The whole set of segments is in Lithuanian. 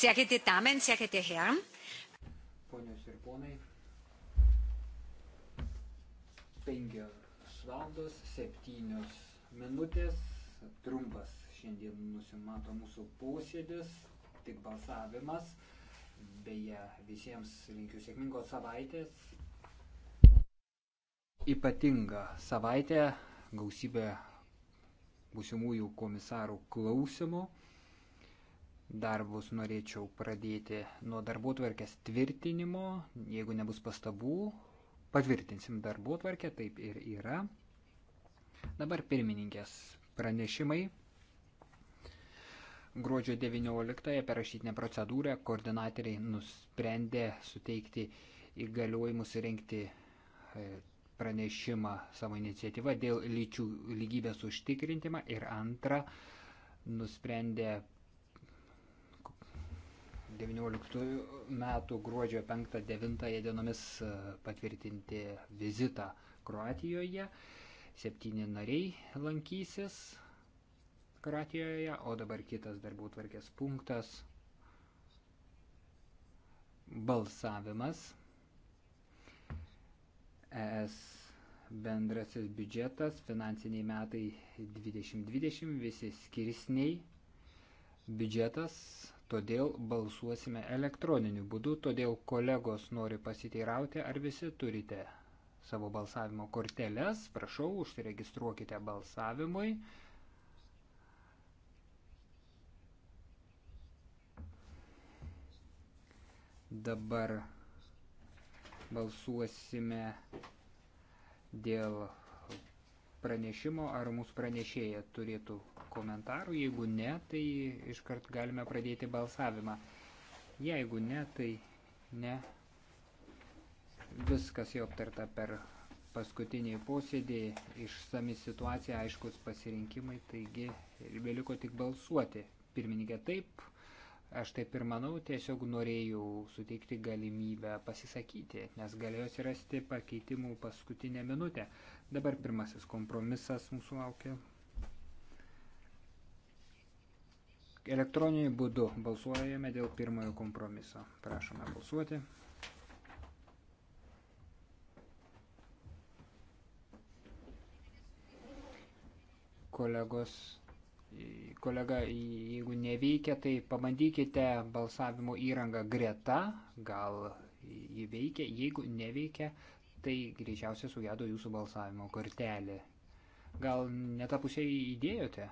Sehr geehrte Damen, sehr geehrte Herren. Ponios ir ponai, 5 valandos 7 minutės, trumpas šiandien nusimato mūsų posėdis, tik balsavimas. Beje, visiems linkiu sėkmingos savaitės. Ypatinga savaitė, gausybė būsimųjų komisarų klausimų darbus norėčiau pradėti nuo darbų tvarkės tvirtinimo. Jeigu nebus pastabų, patvirtinsim darbų tvarkę, taip ir yra. Dabar pirmininkės pranešimai. Gruodžio 19-ąją per rašytinę procedūrą koordinatoriai nusprendė suteikti įgaliojimus rengti e, pranešimą savo iniciatyvą dėl lyčių lygybės užtikrintimą ir antrą nusprendė 19 metų gruodžio 5-9 dienomis e, patvirtinti vizitą Kroatijoje. Septyni nariai lankysis Kroatijoje, o dabar kitas darbų tvarkės punktas - balsavimas. ES bendrasis biudžetas, finansiniai metai 2020, visi skirsniai, biudžetas todėl balsuosime elektroniniu būdu, todėl kolegos nori pasiteirauti, ar visi turite savo balsavimo korteles, prašau, užsiregistruokite balsavimui. Dabar balsuosime dėl pranešimo, ar mūsų pranešėja turėtų komentarų. Jeigu ne, tai iškart galime pradėti balsavimą. Jeigu ne, tai ne. Viskas jau aptarta per paskutinį posėdį, išsami situacija, aiškus pasirinkimai, taigi beliko tik balsuoti. Pirmininkė taip, Aš taip ir manau, tiesiog norėjau suteikti galimybę pasisakyti, nes galėjo atsirasti pakeitimų paskutinę minutę. Dabar pirmasis kompromisas mūsų laukia. Elektroniniu būdu balsuojame dėl pirmojo kompromiso. Prašome balsuoti. Kolegos kolega, jeigu neveikia, tai pabandykite balsavimo įrangą greta, gal jį veikia, jeigu neveikia, tai greičiausiai sugėdo jūsų balsavimo kortelė. Gal netapusiai įdėjote?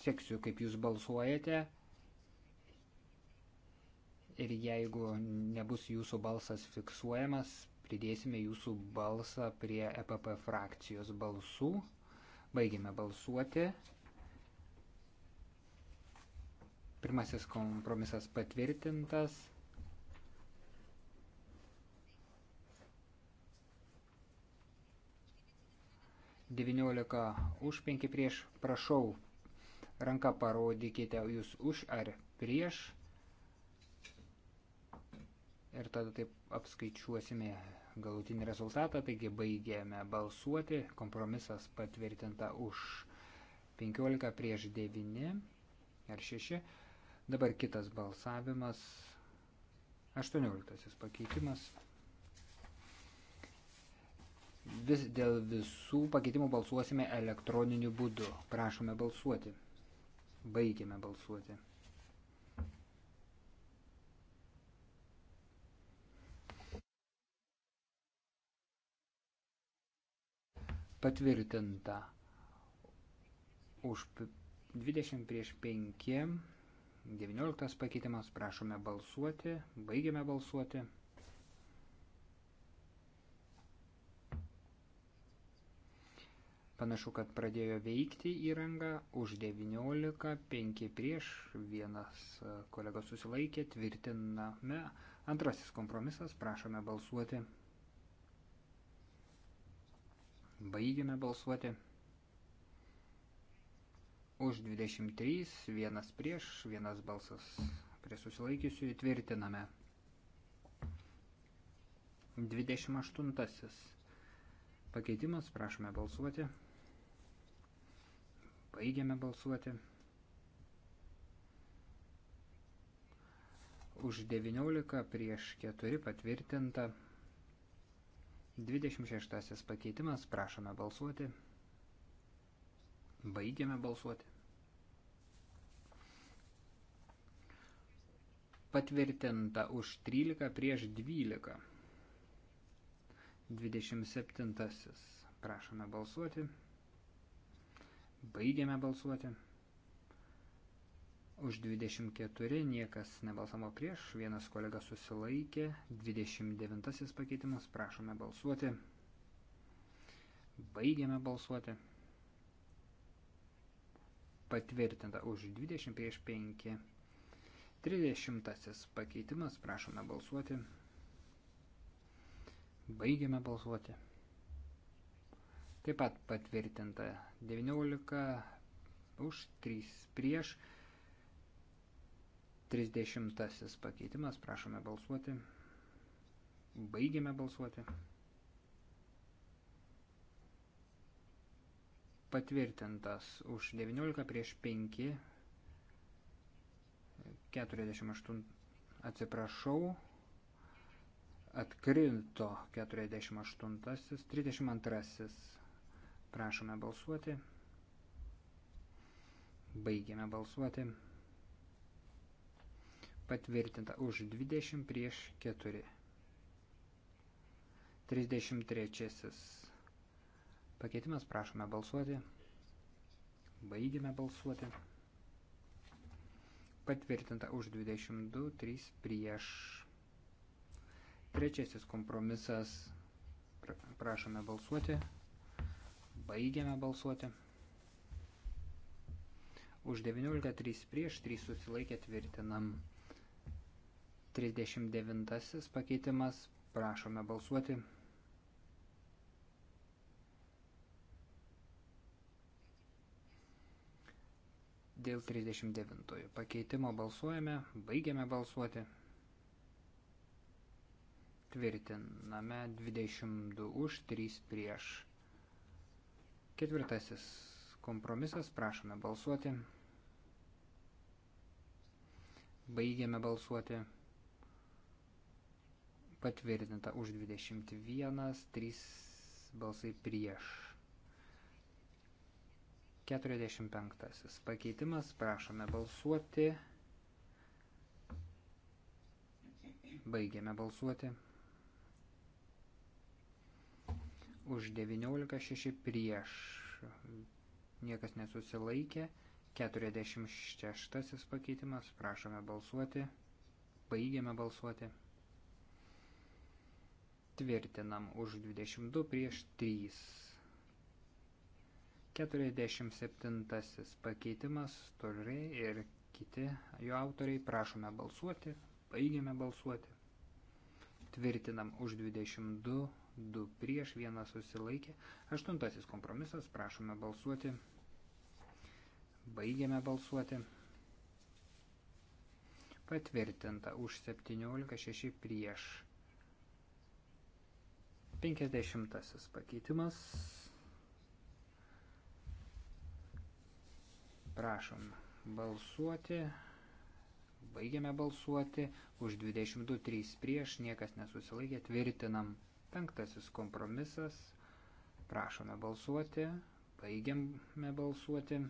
Seksiu, kaip jūs balsuojate ir jeigu nebus jūsų balsas fiksuojamas, pridėsime jūsų balsą prie EPP frakcijos balsų. Baigime balsuoti. Pirmasis kompromisas patvirtintas. Devyniolika už penki prieš. Prašau, ranką parodykite jūs už ar prieš ir tada taip apskaičiuosime galutinį rezultatą. Taigi baigėme balsuoti, kompromisas patvirtinta už 15 prieš 9 ar 6. Dabar kitas balsavimas, 18 pakeitimas. Vis dėl visų pakeitimų balsuosime elektroniniu būdu. Prašome balsuoti. Baigėme balsuoti. patvirtinta už 20 prieš 5, 19 pakeitimas, prašome balsuoti, baigiame balsuoti. Panašu, kad pradėjo veikti įranga už 19, 5 prieš, vienas e, kolega susilaikė, tvirtiname. Antrasis kompromisas, prašome balsuoti. Baigiame balsuoti. Už 23, vienas prieš, vienas balsas prie susilaikysių įtvirtiname. 28. Pakeitimas, prašome balsuoti. Baigiame balsuoti. Už 19 prieš 4 patvirtinta 26 pakeitimas, prašome balsuoti. Baigiame balsuoti. Patvirtinta už 13 prieš 12. 27. Prašome balsuoti. Baigiame balsuoti už 24 niekas nebalsavo prieš, vienas kolega susilaikė, 29 pakeitimas, prašome balsuoti, baigiame balsuoti, patvirtinta už 20 prieš 5, 30 pakeitimas, prašome balsuoti, baigiame balsuoti, taip pat patvirtinta 19 už 3 prieš 5, 30 pakeitimas, prašome balsuoti. Baigiame balsuoti. Patvirtintas už 19 prieš 5, 48, atsiprašau, atkrinto 48, 32, prašome balsuoti. Baigiame balsuoti patvirtinta už 20 prieš 4. 33. Pakeitimas prašome balsuoti. Baigime balsuoti. Patvirtinta už 22, 3 prieš. Trečiasis kompromisas. Prašome balsuoti. Baigėme balsuoti. Už 19, 3 prieš, 3 susilaikė tvirtinam. 39 pakeitimas. Prašome balsuoti. Dėl 39 pakeitimo balsuojame, baigiame balsuoti. Tvirtiname 22 už 3 prieš. Ketvirtasis kompromisas, prašome balsuoti. Baigiame balsuoti patvirtinta už 21, 3 balsai prieš. 45. Pakeitimas, prašome balsuoti. Baigiame balsuoti. Už 19.6 prieš. Niekas nesusilaikė. 46. pakeitimas, prašome balsuoti. Baigiame balsuoti. Tvirtinam už 22 prieš 3. 47 pakeitimas, toliai ir kiti jo autoriai prašome balsuoti, baigiame balsuoti. Tvirtinam už 22, 2 prieš, 1 susilaikė. Aštuntasis kompromisas, prašome balsuoti, baigiame balsuoti. Patvirtinta už 17, 6 prieš. 50 pakeitimas. Prašom balsuoti. Baigiame balsuoti. Už 22.3 prieš niekas nesusilaikė. Tvirtinam. Penktasis kompromisas. Prašome balsuoti. Baigiame balsuoti.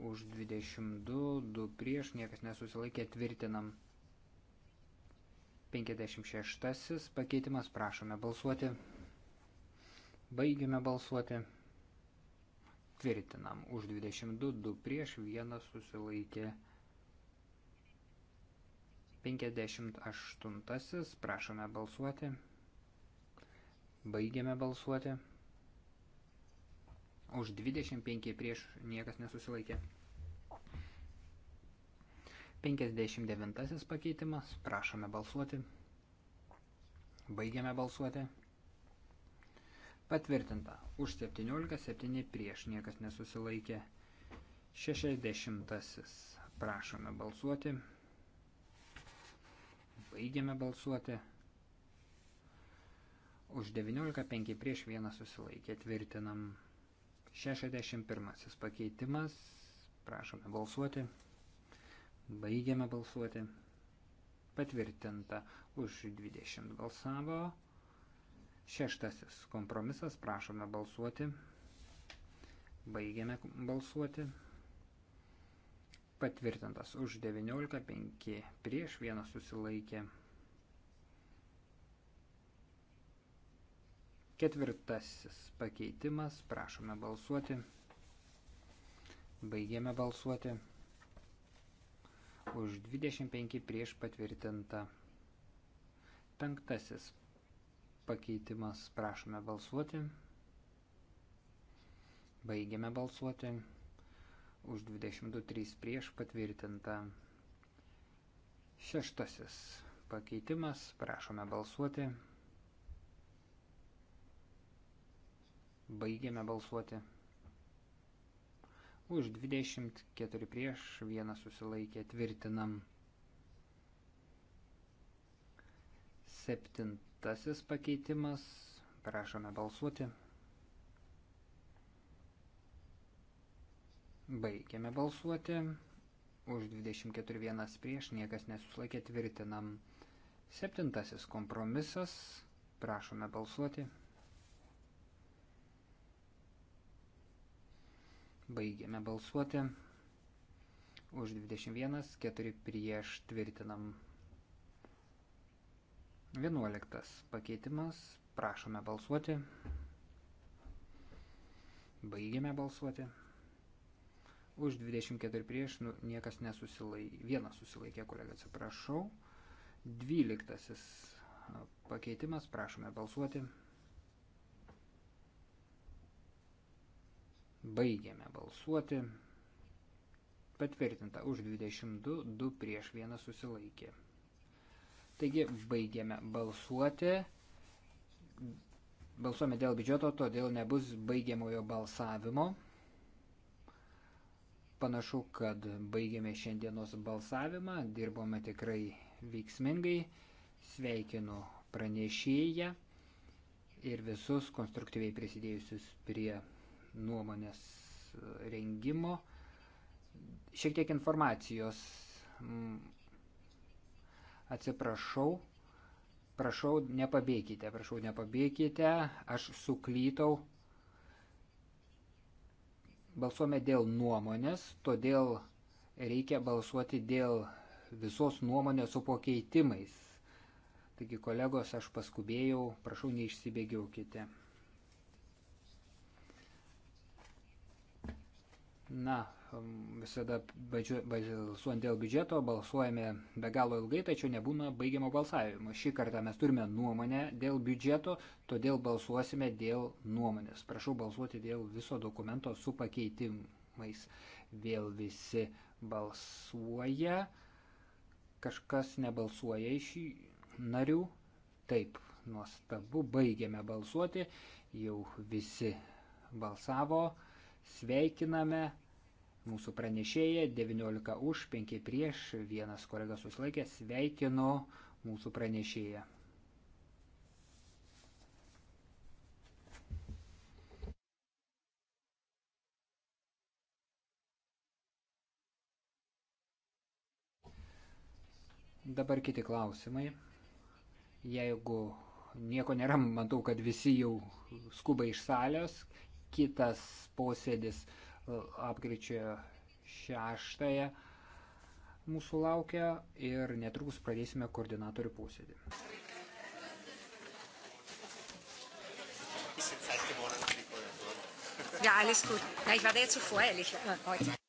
Už 22, 2 prieš niekas nesusilaikė. Tvirtinam. 56 pakeitimas, prašome balsuoti. Baigime balsuoti. Tvirtinam. Už 22, 2 prieš, 1 susilaikė. 58, prašome balsuoti. Baigėme balsuoti. Už 25 prieš niekas nesusilaikė. 59 pakeitimas. Prašome balsuoti. Baigiame balsuoti. Patvirtinta. Už 17, 7 prieš niekas nesusilaikė. 60. Prašome balsuoti. Baigiame balsuoti. Už 19, 5 prieš 1 susilaikė. Tvirtinam. 61. Pakeitimas. Prašome balsuoti. Baigiame balsuoti. Patvirtinta. Už 20 balsavo. Šeštasis kompromisas. Prašome balsuoti. Baigiame balsuoti. Patvirtintas. Už 19, 5 prieš, vienas susilaikė. Ketvirtasis pakeitimas. Prašome balsuoti. Baigiame balsuoti už 25 prieš patvirtinta. Penktasis pakeitimas prašome balsuoti. Baigiame balsuoti. Už 22.3 prieš patvirtinta. Šeštasis pakeitimas. Prašome balsuoti. Baigiame balsuoti už 24 prieš vieną susilaikė tvirtinam. Septintasis pakeitimas. Prašome balsuoti. Baigiame balsuoti. Už 24 vienas prieš niekas nesusilaikė tvirtinam. Septintasis kompromisas. Prašome balsuoti. Baigėme balsuoti. Už 21, 4 prieš tvirtinam. 11 pakeitimas. Prašome balsuoti. Baigėme balsuoti. Už 24 prieš nu, niekas nesusilaikė. Vienas susilaikė, kolega, atsiprašau. 12 pakeitimas. Prašome balsuoti. Baigiame balsuoti. Patvirtinta už 22, 2 prieš 1 susilaikė. Taigi baigiame balsuoti. Balsuome dėl biudžeto, todėl nebus baigiamojo balsavimo. Panašu, kad baigėme šiandienos balsavimą, dirbome tikrai veiksmingai. Sveikinu pranešėją ir visus konstruktyviai prisidėjusius prie nuomonės e, rengimo. Šiek tiek informacijos. Mm. Atsiprašau, prašau nepabėkite, prašau nepabėkite, aš suklytau. Balsuome dėl nuomonės, todėl reikia balsuoti dėl visos nuomonės su pakeitimais. Taigi, kolegos, aš paskubėjau, prašau neišsibėgiaukite. Na, um, visada balsuojant dėl biudžeto balsuojame be galo ilgai, tačiau nebūna baigiamo balsavimo. Šį kartą mes turime nuomonę dėl biudžeto, todėl balsuosime dėl nuomonės. Prašau balsuoti dėl viso dokumento su pakeitimais. Vėl visi balsuoja, kažkas nebalsuoja iš narių. Taip, nuostabu, baigiame balsuoti, jau visi balsavo sveikiname mūsų pranešėją, 19 už, 5 prieš, vienas kolega susilaikė, sveikino mūsų pranešėją. Dabar kiti klausimai. Jeigu nieko nėra, matau, kad visi jau skuba iš salės kitas posėdis e, apgričio šeštąją mūsų laukia ir netrukus pradėsime koordinatorių posėdį. Ja, alles gut. Na, ich war da jetzt zu voreilig heute.